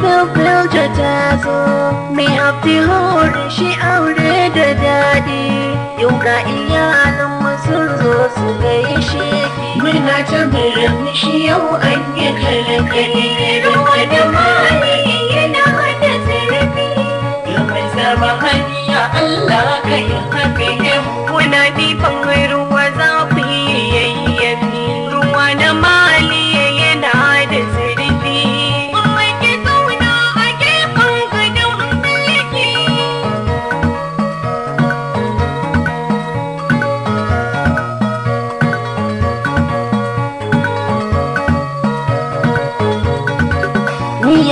Fulfilta ta zo, mai abdihor shi aure da daɗi, yau ga iyalinmu sun zo su gaishe ki. Muna ta shi yau an yi kalakali, ruwa da mali yana da zarafi. Yau mai zama hanya Allah ka yi hafi, muna nifan ruwa.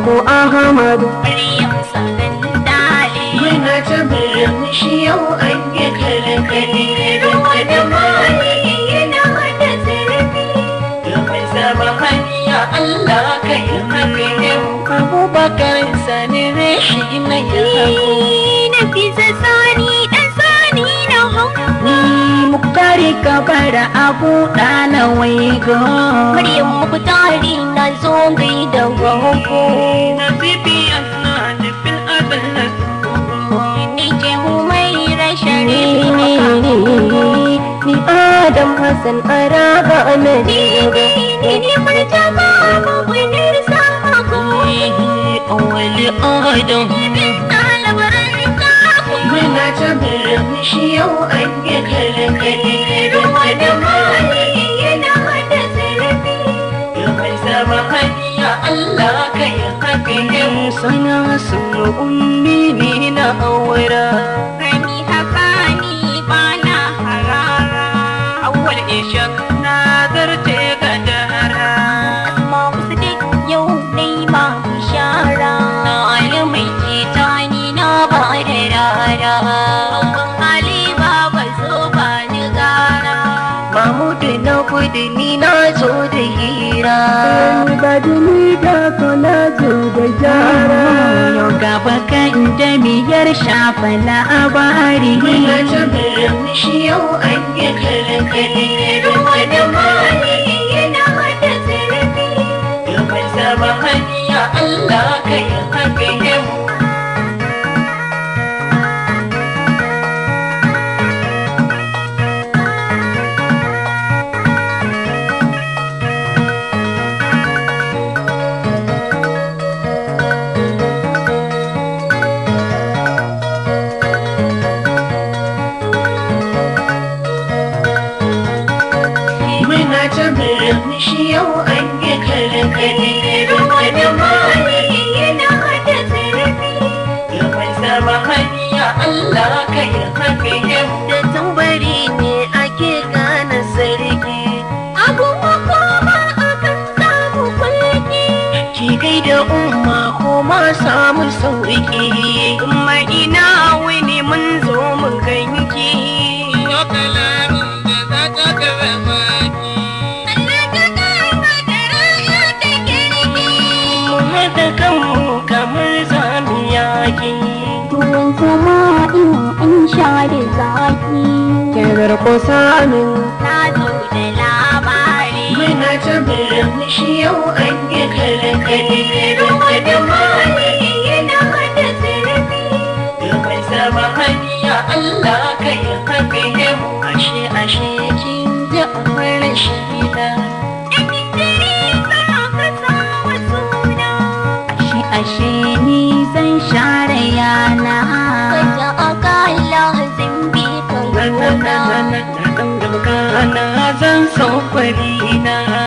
Abu Ahmad. Muna ta birin shi yau an yi kalakali da wani mali yana da zarafi. Yawan zama hanya Allah ka yi haka yau. Abubakar sani reshi na yi hako. Na fiza sani ɗan sani na hako. Mukari ka bara abu ɗana waigo. Maryam Mukutari na zo gaya. لوهكو حبيبي أنا دب الأبل نجي همير شريف ni Adam Hassan Araba Amadi Ni ni martaba ko bunar sama ko Awali Adam Muna ta birnin shi yau an yi kalakali Ruwa da mali ummi ne na aura Rami haka ni bana harara awal ishak kudi ni na zo da hira ga duni da ko na zo da jara yau gaba ka inda miyar shafa labari kuna jami'ar mishi yau an yi karkari ruwa da mali yana da zarafi yau kan zama hanya Allah ka yi hafi shi yau an yi karkade karkade mani yana da zarafi ya mai zama hanya Allah ka yi haɗe da tambari ne ake gane sarki abu makoma akan samu kwalki ki gaida umma koma samu sauƙi. umma ina wani mun zo mu gani kuma in an sha da zaki ke zarko samin na zo da labari muna ta murmushi yau an yi kalakali da wata mali yana da zarafi domin sama hanya Allah ka yi kafe da ashe ashe kin ji akwai rashin ashe ni zan share yana sokori